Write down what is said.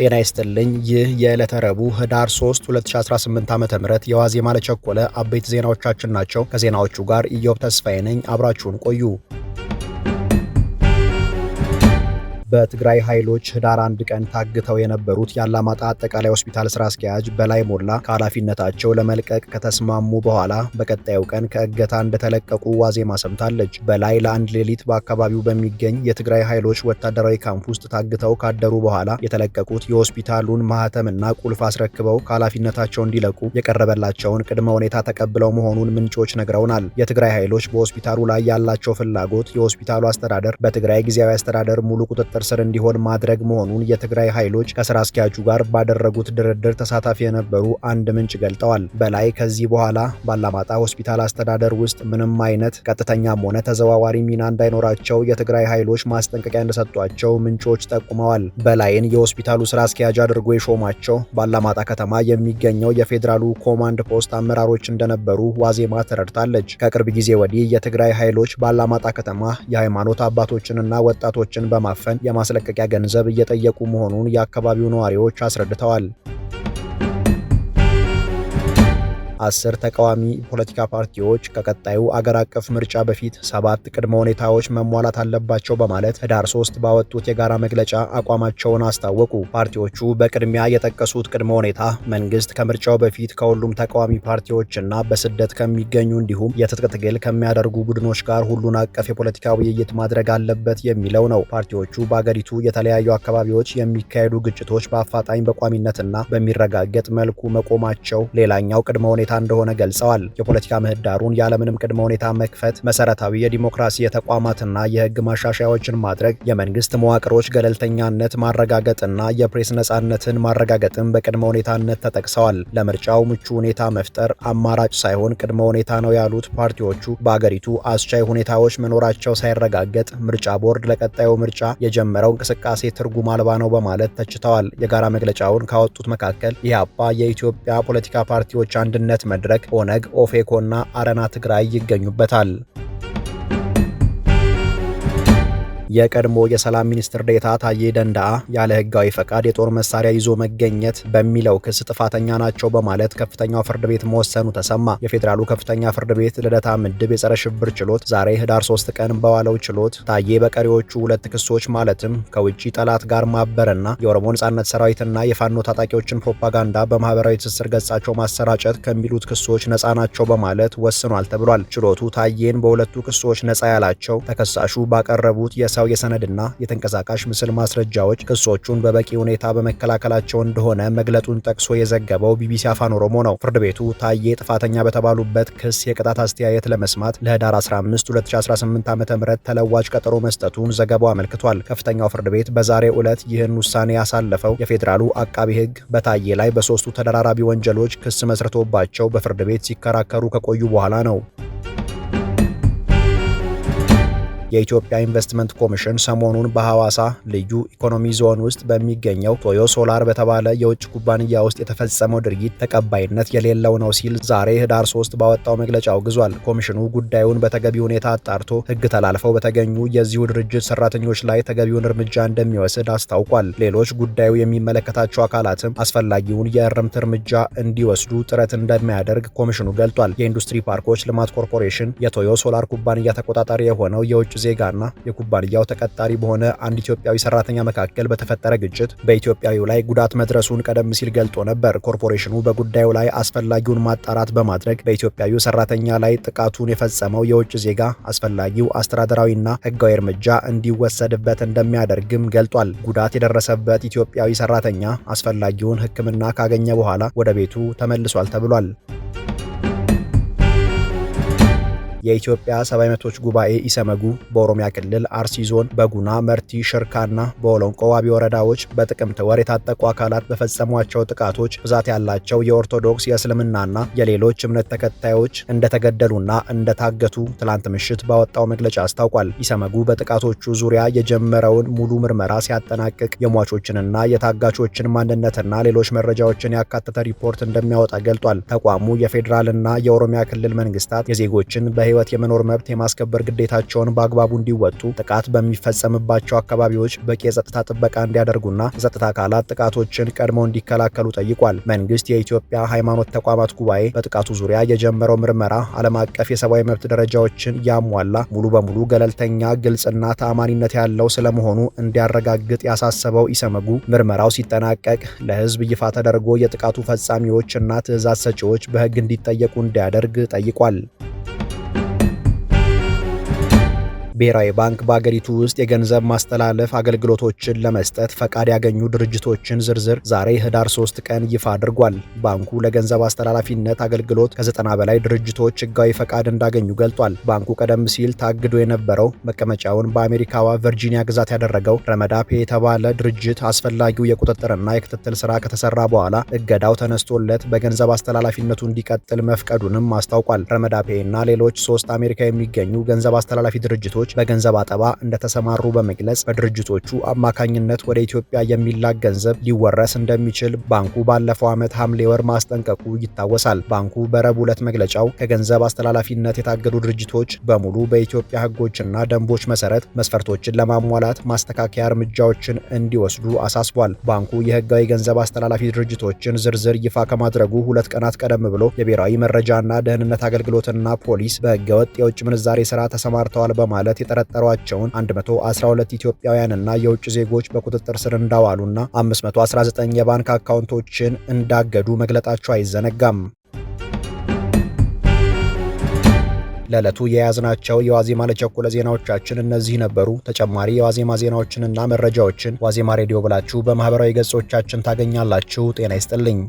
ጤና ይስጥልኝ። ይህ የዕለተ ረቡዕ ህዳር 3 2018 ዓ ም የዋዜማ ለቸኮለ አበይት ዜናዎቻችን ናቸው። ከዜናዎቹ ጋር ኢዮብ ተስፋዬ ነኝ። አብራችሁን ቆዩ። በትግራይ ኃይሎች ህዳር አንድ ቀን ታግተው የነበሩት የአላማጣ አጠቃላይ ሆስፒታል ስራ አስኪያጅ በላይ ሞላ ከኃላፊነታቸው ለመልቀቅ ከተስማሙ በኋላ በቀጣዩ ቀን ከእገታ እንደተለቀቁ ዋዜማ ሰምታለች። በላይ ለአንድ ሌሊት በአካባቢው በሚገኝ የትግራይ ኃይሎች ወታደራዊ ካምፕ ውስጥ ታግተው ካደሩ በኋላ የተለቀቁት የሆስፒታሉን ማህተምና ቁልፍ አስረክበው ከኃላፊነታቸው እንዲለቁ የቀረበላቸውን ቅድመ ሁኔታ ተቀብለው መሆኑን ምንጮች ነግረውናል። የትግራይ ኃይሎች በሆስፒታሉ ላይ ያላቸው ፍላጎት የሆስፒታሉ አስተዳደር በትግራይ ጊዜያዊ አስተዳደር ሙሉ ቁጥጥር ቁጥጥር ስር እንዲሆን ማድረግ መሆኑን የትግራይ ኃይሎች ከስራ አስኪያጁ ጋር ባደረጉት ድርድር ተሳታፊ የነበሩ አንድ ምንጭ ገልጠዋል። በላይ ከዚህ በኋላ ባላማጣ ሆስፒታል አስተዳደር ውስጥ ምንም አይነት ቀጥተኛም ሆነ ተዘዋዋሪ ሚና እንዳይኖራቸው የትግራይ ኃይሎች ማስጠንቀቂያ እንደሰጧቸው ምንጮች ጠቁመዋል። በላይን የሆስፒታሉ ስራ አስኪያጅ አድርጎ የሾማቸው ባላማጣ ከተማ የሚገኘው የፌዴራሉ ኮማንድ ፖስት አመራሮች እንደነበሩ ዋዜማ ተረድታለች። ከቅርብ ጊዜ ወዲህ የትግራይ ኃይሎች ባላማጣ ከተማ የሃይማኖት አባቶችንና ወጣቶችን በማፈን የማስለቀቂያ ገንዘብ እየጠየቁ መሆኑን የአካባቢው ነዋሪዎች አስረድተዋል። አስር ተቃዋሚ ፖለቲካ ፓርቲዎች ከቀጣዩ አገር አቀፍ ምርጫ በፊት ሰባት ቅድመ ሁኔታዎች መሟላት አለባቸው በማለት ህዳር ሶስት ባወጡት የጋራ መግለጫ አቋማቸውን አስታወቁ። ፓርቲዎቹ በቅድሚያ የጠቀሱት ቅድመ ሁኔታ መንግስት ከምርጫው በፊት ከሁሉም ተቃዋሚ ፓርቲዎችና በስደት ከሚገኙ እንዲሁም የትጥቅ ትግል ከሚያደርጉ ቡድኖች ጋር ሁሉን አቀፍ የፖለቲካ ውይይት ማድረግ አለበት የሚለው ነው። ፓርቲዎቹ በአገሪቱ የተለያዩ አካባቢዎች የሚካሄዱ ግጭቶች በአፋጣኝ በቋሚነትና በሚረጋገጥ መልኩ መቆማቸው ሌላኛው ቅድመ ሁኔታ ግዴታ እንደሆነ ገልጸዋል። የፖለቲካ ምህዳሩን ያለምንም ቅድመ ሁኔታ መክፈት፣ መሰረታዊ የዲሞክራሲ የተቋማትና የህግ ማሻሻያዎችን ማድረግ፣ የመንግስት መዋቅሮች ገለልተኛነት ማረጋገጥና የፕሬስ ነጻነትን ማረጋገጥን በቅድመ ሁኔታነት ተጠቅሰዋል። ለምርጫው ምቹ ሁኔታ መፍጠር አማራጭ ሳይሆን ቅድመ ሁኔታ ነው ያሉት ፓርቲዎቹ በአገሪቱ አስቻይ ሁኔታዎች መኖራቸው ሳይረጋገጥ ምርጫ ቦርድ ለቀጣዩ ምርጫ የጀመረው እንቅስቃሴ ትርጉም አልባ ነው በማለት ተችተዋል። የጋራ መግለጫውን ካወጡት መካከል ኢህአፓ የኢትዮጵያ ፖለቲካ ፓርቲዎች አንድነት መድረክ ኦነግ፣ ኦፌኮና አረና ትግራይ ይገኙበታል። የቀድሞ የሰላም ሚኒስትር ዴታ ታዬ ደንደዓ ያለ ህጋዊ ፈቃድ የጦር መሳሪያ ይዞ መገኘት በሚለው ክስ ጥፋተኛ ናቸው በማለት ከፍተኛው ፍርድ ቤት መወሰኑ ተሰማ። የፌዴራሉ ከፍተኛ ፍርድ ቤት ልደታ ምድብ የጸረ ሽብር ችሎት ዛሬ ህዳር 3 ቀን በዋለው ችሎት ታዬ በቀሪዎቹ ሁለት ክሶች ማለትም ከውጭ ጠላት ጋር ማበርና የኦሮሞ ነጻነት ሰራዊትና የፋኖ ታጣቂዎችን ፕሮፓጋንዳ በማህበራዊ ትስስር ገጻቸው ማሰራጨት ከሚሉት ክሶች ነጻ ናቸው በማለት ወስኗል ተብሏል። ችሎቱ ታዬን በሁለቱ ክሶች ነጻ ያላቸው ተከሳሹ ባቀረቡት የሰ ወቅታዊ የሰነድና የተንቀሳቃሽ ምስል ማስረጃዎች ክሶቹን በበቂ ሁኔታ በመከላከላቸው እንደሆነ መግለጡን ጠቅሶ የዘገበው ቢቢሲ አፋን ኦሮሞ ነው። ፍርድ ቤቱ ታዬ ጥፋተኛ በተባሉበት ክስ የቅጣት አስተያየት ለመስማት ለህዳር 15 2018 ዓ.ም ተለዋጭ ቀጠሮ መስጠቱን ዘገባው አመልክቷል። ከፍተኛው ፍርድ ቤት በዛሬ ዕለት ይህን ውሳኔ ያሳለፈው የፌዴራሉ አቃቢ ህግ በታዬ ላይ በሶስቱ ተደራራቢ ወንጀሎች ክስ መስርቶባቸው በፍርድ ቤት ሲከራከሩ ከቆዩ በኋላ ነው። የኢትዮጵያ ኢንቨስትመንት ኮሚሽን ሰሞኑን በሐዋሳ ልዩ ኢኮኖሚ ዞን ውስጥ በሚገኘው ቶዮ ሶላር በተባለ የውጭ ኩባንያ ውስጥ የተፈጸመው ድርጊት ተቀባይነት የሌለው ነው ሲል ዛሬ ህዳር 3 ባወጣው መግለጫ አውግዟል። ኮሚሽኑ ጉዳዩን በተገቢ ሁኔታ አጣርቶ ህግ ተላልፈው በተገኙ የዚሁ ድርጅት ሰራተኞች ላይ ተገቢውን እርምጃ እንደሚወስድ አስታውቋል። ሌሎች ጉዳዩ የሚመለከታቸው አካላትም አስፈላጊውን የእርምት እርምጃ እንዲወስዱ ጥረት እንደሚያደርግ ኮሚሽኑ ገልጧል። የኢንዱስትሪ ፓርኮች ልማት ኮርፖሬሽን የቶዮ ሶላር ኩባንያ ተቆጣጣሪ የሆነው የውጭ ዜጋና የኩባንያው ተቀጣሪ በሆነ አንድ ኢትዮጵያዊ ሰራተኛ መካከል በተፈጠረ ግጭት በኢትዮጵያዊው ላይ ጉዳት መድረሱን ቀደም ሲል ገልጦ ነበር። ኮርፖሬሽኑ በጉዳዩ ላይ አስፈላጊውን ማጣራት በማድረግ በኢትዮጵያዊው ሰራተኛ ላይ ጥቃቱን የፈጸመው የውጭ ዜጋ አስፈላጊው አስተዳደራዊና ሕጋዊ እርምጃ እንዲወሰድበት እንደሚያደርግም ገልጧል። ጉዳት የደረሰበት ኢትዮጵያዊ ሰራተኛ አስፈላጊውን ሕክምና ካገኘ በኋላ ወደ ቤቱ ተመልሷል ተብሏል። የኢትዮጵያ ሰብአዊ መብቶች ጉባኤ ኢሰመጉ በኦሮሚያ ክልል አርሲ ዞን በጉና መርቲ፣ ሽርካና በወሎንቆ ዋቢ ወረዳዎች በጥቅምት ወር የታጠቁ አካላት በፈጸሟቸው ጥቃቶች ብዛት ያላቸው የኦርቶዶክስ የእስልምናና የሌሎች እምነት ተከታዮች እንደተገደሉና እንደታገቱ ትላንት ምሽት ባወጣው መግለጫ አስታውቋል። ኢሰመጉ በጥቃቶቹ ዙሪያ የጀመረውን ሙሉ ምርመራ ሲያጠናቅቅ የሟቾችንና የታጋቾችን ማንነትና ሌሎች መረጃዎችን ያካተተ ሪፖርት እንደሚያወጣ ገልጧል። ተቋሙ የፌዴራልና የኦሮሚያ ክልል መንግስታት የዜጎችን በ ህይወት የመኖር መብት የማስከበር ግዴታቸውን በአግባቡ እንዲወጡ ጥቃት በሚፈጸምባቸው አካባቢዎች በቂ የጸጥታ ጥበቃ እንዲያደርጉና የጸጥታ አካላት ጥቃቶችን ቀድመው እንዲከላከሉ ጠይቋል። መንግስት የኢትዮጵያ ሃይማኖት ተቋማት ጉባኤ በጥቃቱ ዙሪያ የጀመረው ምርመራ ዓለም አቀፍ የሰብአዊ መብት ደረጃዎችን ያሟላ ሙሉ በሙሉ ገለልተኛ፣ ግልጽና ተአማኒነት ያለው ስለመሆኑ እንዲያረጋግጥ ያሳሰበው ኢሰመጉ ምርመራው ሲጠናቀቅ ለህዝብ ይፋ ተደርጎ የጥቃቱ ፈጻሚዎች እና ትዕዛዝ ሰጪዎች በህግ እንዲጠየቁ እንዲያደርግ ጠይቋል። ብሔራዊ ባንክ በአገሪቱ ውስጥ የገንዘብ ማስተላለፍ አገልግሎቶችን ለመስጠት ፈቃድ ያገኙ ድርጅቶችን ዝርዝር ዛሬ ህዳር 3 ቀን ይፋ አድርጓል። ባንኩ ለገንዘብ አስተላላፊነት አገልግሎት ከ90 በላይ ድርጅቶች ህጋዊ ፈቃድ እንዳገኙ ገልጧል። ባንኩ ቀደም ሲል ታግዶ የነበረው መቀመጫውን በአሜሪካዋ ቨርጂኒያ ግዛት ያደረገው ረመዳፔ የተባለ ድርጅት አስፈላጊው የቁጥጥርና የክትትል ስራ ከተሰራ በኋላ እገዳው ተነስቶለት በገንዘብ አስተላላፊነቱ እንዲቀጥል መፍቀዱንም አስታውቋል። ረመዳፔና ሌሎች ሶስት አሜሪካ የሚገኙ ገንዘብ አስተላላፊ ድርጅቶች ድርጅቶች በገንዘብ አጠባ እንደተሰማሩ በመግለጽ በድርጅቶቹ አማካኝነት ወደ ኢትዮጵያ የሚላክ ገንዘብ ሊወረስ እንደሚችል ባንኩ ባለፈው ዓመት ሐምሌ ወር ማስጠንቀቁ ይታወሳል። ባንኩ በረቡዕ ዕለት መግለጫው ከገንዘብ አስተላላፊነት የታገዱ ድርጅቶች በሙሉ በኢትዮጵያ ሕጎችና ደንቦች መሰረት መስፈርቶችን ለማሟላት ማስተካከያ እርምጃዎችን እንዲወስዱ አሳስቧል። ባንኩ የህጋዊ ገንዘብ አስተላላፊ ድርጅቶችን ዝርዝር ይፋ ከማድረጉ ሁለት ቀናት ቀደም ብሎ የብሔራዊ መረጃና ደህንነት አገልግሎትና ፖሊስ በህገወጥ የውጭ ምንዛሬ ስራ ተሰማርተዋል በማለት በማለት የጠረጠሯቸውን 112 ኢትዮጵያውያንና የውጭ ዜጎች በቁጥጥር ስር እንዳዋሉና 519 የባንክ አካውንቶችን እንዳገዱ መግለጣቸው አይዘነጋም። ለዕለቱ የያዝናቸው የዋዜማ ለቸኮለ ዜናዎቻችን እነዚህ ነበሩ። ተጨማሪ የዋዜማ ዜናዎችንና መረጃዎችን ዋዜማ ሬዲዮ ብላችሁ በማህበራዊ ገጾቻችን ታገኛላችሁ። ጤና ይስጥልኝ።